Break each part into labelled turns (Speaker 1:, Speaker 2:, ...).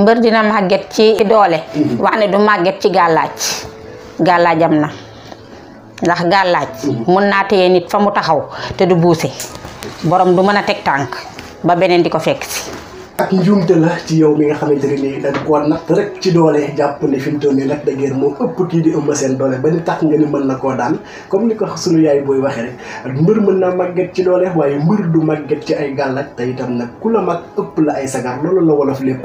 Speaker 1: mbër dina màgget ci doole mhm. wax du màgget ci gàllaaj gàllaajam na ndax gàllaaj mhm. mun naa téye nit fa mu taxaw te du buuse boroom du mën a teg tànk ba beneen di ko fekk ci ak njumte la ci yow mi nga xamante ne nii dañ koo rek ci doole japp ni fim nak da ngeen mo ëpp ki di ëmb seen doole ba ni tax nga ni mën na ko daan comme ni ko sunu yaay boy waxee rek mbër mën na magget ci doole waye mbër du magget ci ay gal ak tay tam nak kula mag ëpp la ay sagar loolu la wolof lepp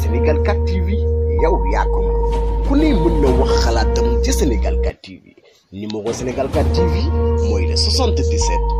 Speaker 1: Senegal TV yow ya ko ku ne mën na wax xalaatam ci Senegal TV numéro Senegal TV moy le 77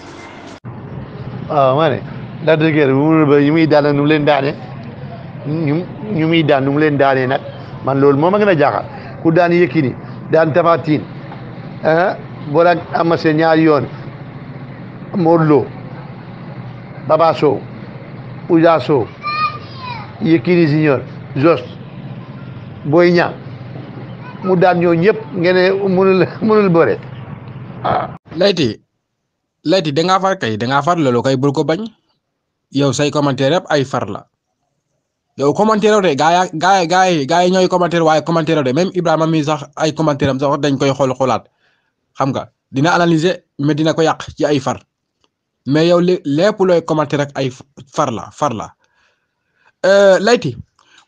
Speaker 2: mane Lac de Guiers bu mu ba yi muy daane nu mu leen daane ñu ñu muy daan nu mu leen daanee nag man loolu moo ma gën a jaaxal ku daan Yékini daan Tapha Tine ah boo daan Ama Sène ñaari yoon Modou Lo Baba Sow Ousa Sow Yékini Junior Jos Boy Niang mu daan ñoo ñëpp ngeen ne mënul mënul bëre ah
Speaker 1: layti Leyti dangaa far kay dangaa far loolu kay bul ko bañ yow say commentaire yëpp ay far la yow commentaire yoo de gaa gaa gaa gaa yi ñooy commentaire waaye commentaire yoo de même Ibrahima mi sax ay commentaire am sax dañ koy xool xoolaat xam dina analyser mais dina ko yàq ci ay far mais yow li lépp looy commentaire ak ay far la far la euh, Leyti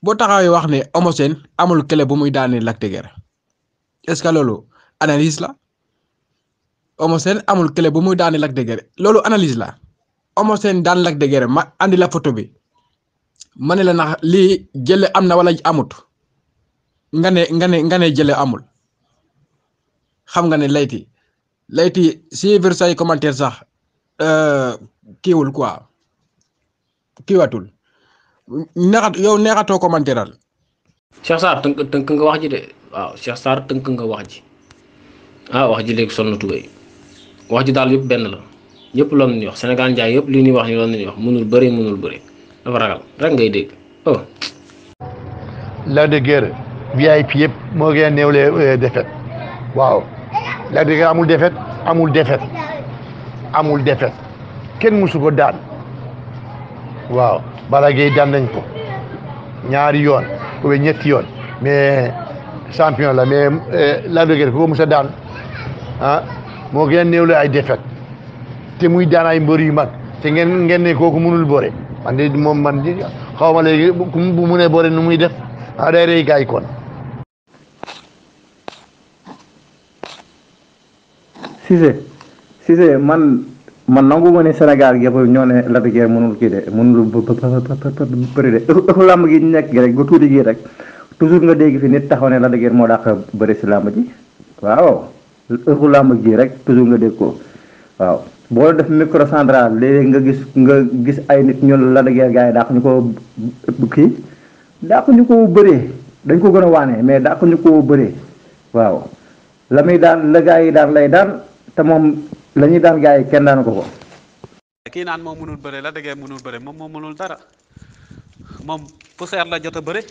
Speaker 1: boo taxawee wax ne Eumeu Sène amul clé bu muy daane Lac de Guiers est-ce que loolu analyse la. Eumeu Sène amul clé bu muy daane Lac de loolu analyse la Eumeu Sène daan Lac ma andi la photo bi ma ne la ndax lii jële am na wala amut nga nga ne nga ne jële amul xam nga ne layti layti suivre say commentaire sax euh, kiiwul quoi kiiwatul neexat yow neexatoo commentaire al Cheikh Sarr tënk tënk nga wax ji de waaw Cheikh Sarr tënk nga wax ji ah wax ji léegi sonn na wax ji daal yëpp benn la ñëpp loolu la ñuy wax Sénégal njaay yëpp li ñuy wax ni loolu la ñuy wax mënul bëre mënul bëre
Speaker 2: dafa ragal rek ngay dégg oh. Lac de Guiers VIP yëpp moo gën a euh, waaw Lac de Guiers amul défaite amul défaite amul défaite kenn mësu ko daan waaw Balla Gaye daan nañ ko ñaari yoon ou ñetti yoon mais champion la mais euh, Lac de Guiers ku ko mës daan ah, moo gën a néewle ay défaite te muy daan ay mbër yu mag te ngeen ngeen ne kooku mënul bëre man de moom man de xaw ma léegi mu ne nu muy def a ah, day rey gaay kon
Speaker 3: Cissé Cissé man man nangu ma ne Sénégal gi yëpp ñoo ne Lac de Guiers mënul kii de mënul bëri de ëpp làmb gi nekk gi rek ba tuuti gi rek toujours nga dégg fi nit taxaw ne Lac de Guiers moo dàq bëri si làmb ji waaw ëpp làmb ji rek toujours nga dégg ko waaw boo def microcentral léeg nga gis nga gis ay nit ñu la dëggeer gars yi dàq ñu ko kii dàq ñu ko bëree dañ ko gën a waane mais dàq ñu ko bëree waaw la muy daan la gars yi daan lay daan te moom la ñuy daan gars yi kenn daanu ko ko
Speaker 1: kii naan moom mënul bëre la dëggeer mënul bëre moom moo mënul dara moom poussière la jot a bëre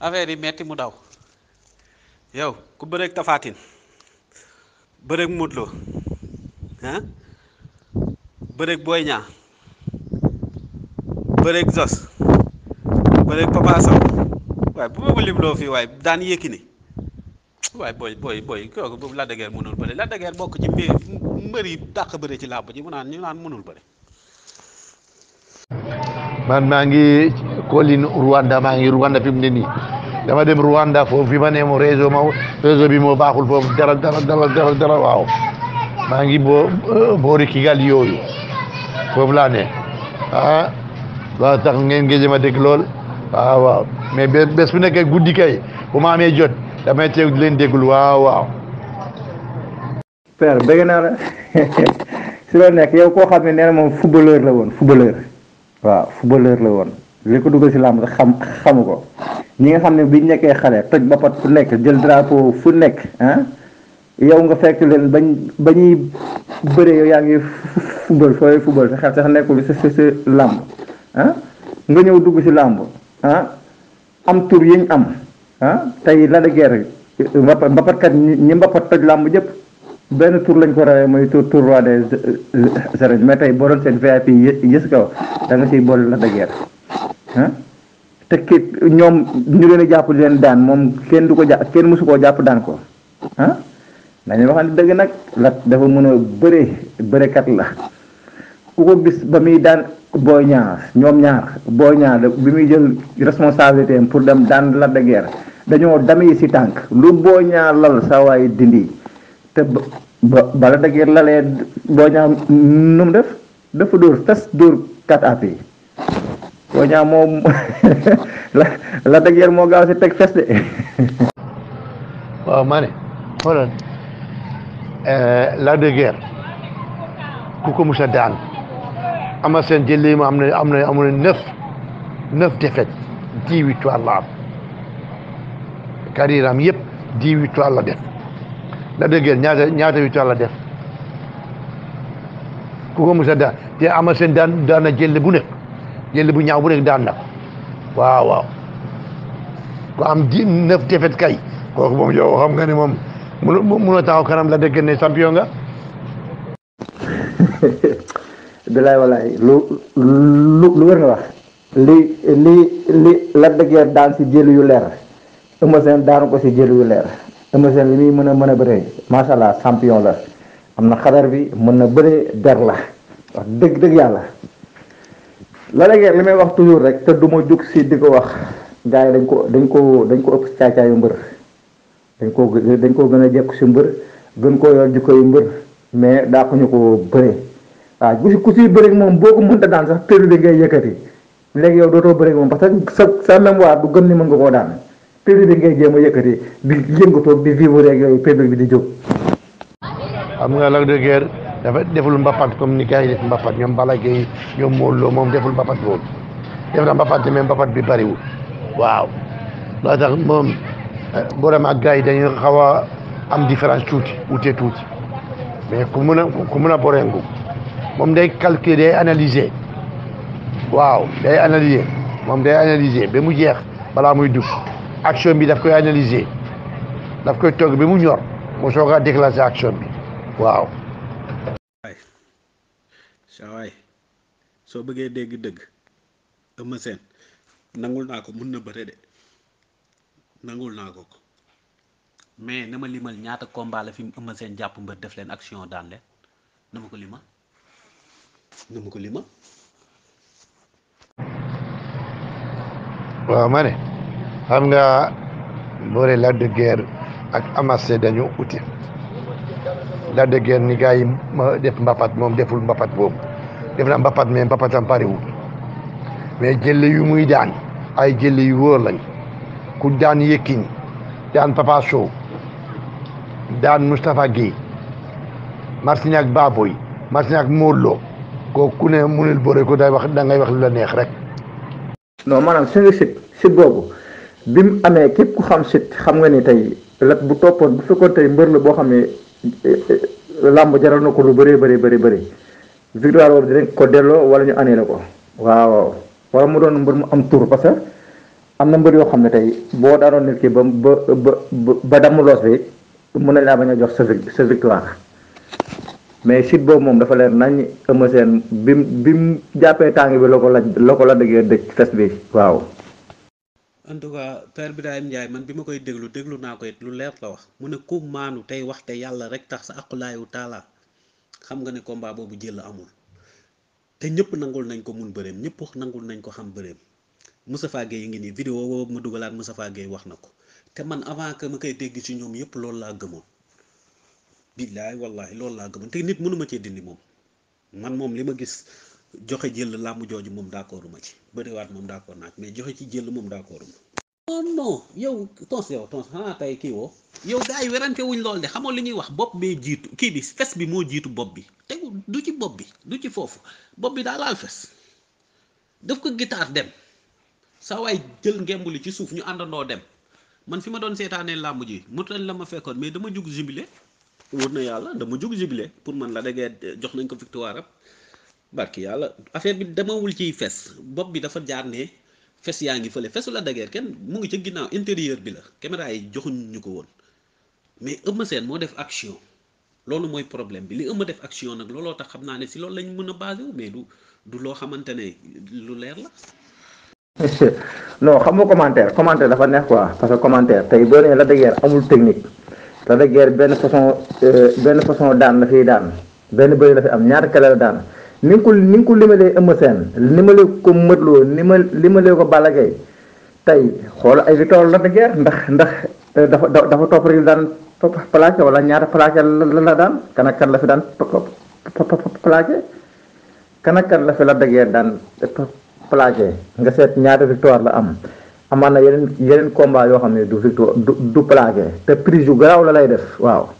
Speaker 1: affaire yi metti mu daw yow ku bëreeg Tapha berek mudlo Lo ah bëreeg Boy Niang bëreeg Zos bëreeg Papa Sow waaye bu ma limlo fi fii dan daan iya Yékini waaye boy boy booy ko boobu Lac de Guiers mënul bëre Lac de Guiers bokk ci mbër yi dàq ci ji mu ñu nan munul
Speaker 2: man mangi, ngi Colline Rwanda mangi ngi Rwanda fi mu dama dem Rwanda foofu ma ne moom réseau ma réseau bi moo baaxul foofu dara dara dara dara waaw maa ngi boo euh, boori Kigali yooyu foofu laa ne ah loolu tax ngeen ngi jëm a lool waaw ah, waaw mais bés bu nekkee guddi kay bu ma amee jot damay teew leen déggul waaw waaw. père bëgg naa
Speaker 3: loolu nekk yow koo xam ne nee na moom footballeur la woon
Speaker 2: footballeur
Speaker 3: la woon li ko dugal si làmb xam xamu ñi nga xam ne biñ nekkee xale toj bapat fu nekk jël drapeau fu nekk ah yow nga fekk leen ba ñuy bëree yow yaa ngi football fooy football sa xel sax nekkul sa sa sa làmb ah nga ñëw dugg si làmb ah am tur yiñ am ah tey la de guerre mbapat mbapatkat ñi mbapat toj làmb jëpp benn tour lañ ko rawee mooy tour tur roi de arènes mais tey boo doon seen VIP yës kaw da nga siy boole la de ah. te ke ñom ñu leen japp leen daan mom kenn duko japp kenn musu ko japp daan ko han ah? nañu waxante deug nak la dafa mëna bëré bëré kat la ku ko gis ba mi daan boy ñaar ñom ñaar boy ñaar bi mi jël responsabilité pour dem daan la de guerre dañoo dami ci tank lu boy ñaar lal sa way dindi te ba la de guerre la lalee boy ñaar num def dafa door fes door 4 ap koo ñaa moom la dëgg moo gaaw si de
Speaker 2: la eh, de guerre ku ko mos a daan seen jëlee ma am na am na amu na neuf neuf défaites dix victoire la am carrière am yëpp dix victoire la la de ñaata ñaata victoire la def ku ko mos a daan te ama bu yeen bu ñaaw bu rek daan na ko waaw waaw ko am dix neuf defet kay kooku moom yow xam nga ne moom mënoo taxaw kanam la dégg ne champion nga
Speaker 3: bilaay walay lu lu lu wër na wax li li li la ya, dëggeer daan si jël yu leer Eumeu Sène daanu ko si jël yu leer Eumeu Sène li muy mën a mën a macha allah champion la am na xadar bi mën na bëree der la wax dëgg dëgg yàlla ya Lac de Guiers li may wax toujours rek te du ma jóg si di ko wax gars yi dañ ko dañ ko dañ ko ëpp caacaayu mbër dañ ko dañ ko gën a jekku si mbër gën koo yor jikko yu mbër mais daa ko ñu ko bëree waaw ku si ku si moom boo ko mënta daan sax tëdd bi ngay yëkkati léegi yow dootoo bëri moom parce que sa sa mémoire du gën ni mën nga koo daan tëdd di ngay jéem a yëkkati bi yëngatoog di vivre rek yooyu public bi di jóg.
Speaker 2: am nga Lac dafa deful mbapat comme ni gars yi def mbapat ñoom Balla Gaye ñoom Modou Lo moom deful mbapat boobu def na mbapat mais mbapat bi bariwul waaw loolu tax moom eh, borom ak gars yi dañuy xaw a am différence tuuti wute tuuti mais ku mun a ku mun a borengu moom day calculer day analyser waaw day analyser moom day analyser ba mu jeex balaa muy dugg action bi daf koy analyser daf koy togg ba mu ñor mu soog a déclencher action bi waaw
Speaker 1: saa soo bëggee dégg dëgg Eumeu Sène nangul naa ko mun na bëre de nangul naa ko ko mais na ma limal ñaata combat la fi mu Eumeu Sène jàpp mbër def leen action daan leen na ma ko limal
Speaker 2: waaw ma ne xam nga boole Lac de Guiers ak Ama Sène dañoo uti Lac de ni gars yi ma def mbapat moom deful mbapat boobu. def na mbapat mais mbapatam parewul mais jëlle yu muy daan ay jëlle yu wóor lañ ku daan Yékini daan Papa Sow daan Moustapha Guèye Martignac ak Baboy Martignac ak Modou Lo koo ku ne munul bëre ko day wax da wax lu la neex rek
Speaker 3: non maanaam su nga sit sit boobu bi mu amee képp ku xam sit xam nga ni tey lat bu toppoon bu fekkoon tey mbër la boo xam ne eh, eh, làmb jaral na ko lu bëree bëri bëri bëri victoire boobu dinañ ko delloo wala ñu annulé ko waaw wala mu doon mbër mu am tur parce que am na mbër yoo xam ne tey boo daanoon nit ki ba ba ba ba damm loos bi mën nañ laa ba a jox sa sa victoire mais site boobu moom dafa leer nañ Eumeu Sène bi mu bi mu jàppee tàng bi la ko la la la dëggee dëj fes bi waaw.
Speaker 1: en tout cas Père Birahim Ndiaye man bi ma koy déglu déglu naa ko it lu leer la wax mu ne ku maanu tey wax te yàlla rek tax sa aqulaayu taala xam nga ne mbaa boobu jël amul te ñëpp nangul nañ ko mun bëreem ñëpp nangul nañ ko xam bëreem Moustapha yi ngi nii vidéo boobu ma dugalaat Moustapha Gueye wax na ko te man avant que ma koy dégg ci ñoom yëpp loolu laa gëmoon billaay wallaay loolu laa gëmoon te nit mënuma cee dindi moom man moom li ma gis joxe jël làmb jooju moom d'accorduma ci bëriwaat moom d'accord naa mais joxe ci jël moom d'accorduma non non yow tons yow tons xanaa tey kii woo yow gars yi werante lool de xamoo li ñuy wax bopp bee jiitu kii bi fes bi moo jiitu bopp bi tegu du ci bopp bi du ci foofu bopp bi daa laal fes daf ko gitaar dem saa waay jël ngemb li ci suuf ñu àndandoo dem man fi ma doon seetaanee làmb ji mu tën la ma fekkoon mais dama jug jubilé wóor na yàlla dama jug jubilé pour man la déggee eh, jox nañ ko victoire am barki yàlla affaire bi demawul ciy fes bopp bi dafa jaar ne fes yaa ngi fële fesu la dageer kenn mu ngi ca ginnaaw intérieur bi la caméra yi joxuñ ñu ko woon mais ëmma seen moo def action loolu mooy problème bi li Eumeu def action nag looloo tax xam naa ne si loolu lañu mën a basé wu mais du du loo xamante ne lu leer la.
Speaker 3: no xam nga commentaire commentaire dafa neex quoi parce que commentaire tey boo nee la dageer amul technique la dageer benn façon euh, benn façon daan la fiy daan benn bëri la fi am ñaata kale la daan. ni nga ko ni nga ko limalee Eumeu Sène limalee ko Modou Lô lima limalee ko Balla tey xool ay victoire la de ndax ndax eh, dafa dafa topp rek daan plaqué wala ñaata plaqué la la daan kan la fi daan plaqué kan ak la fi la de guerre daan eh, plaqué nga seet ñaata victoire la am amaan na yeneen yeneen combat yoo xam ne du victoire du plaqué te prise yu garaaw la lay def waaw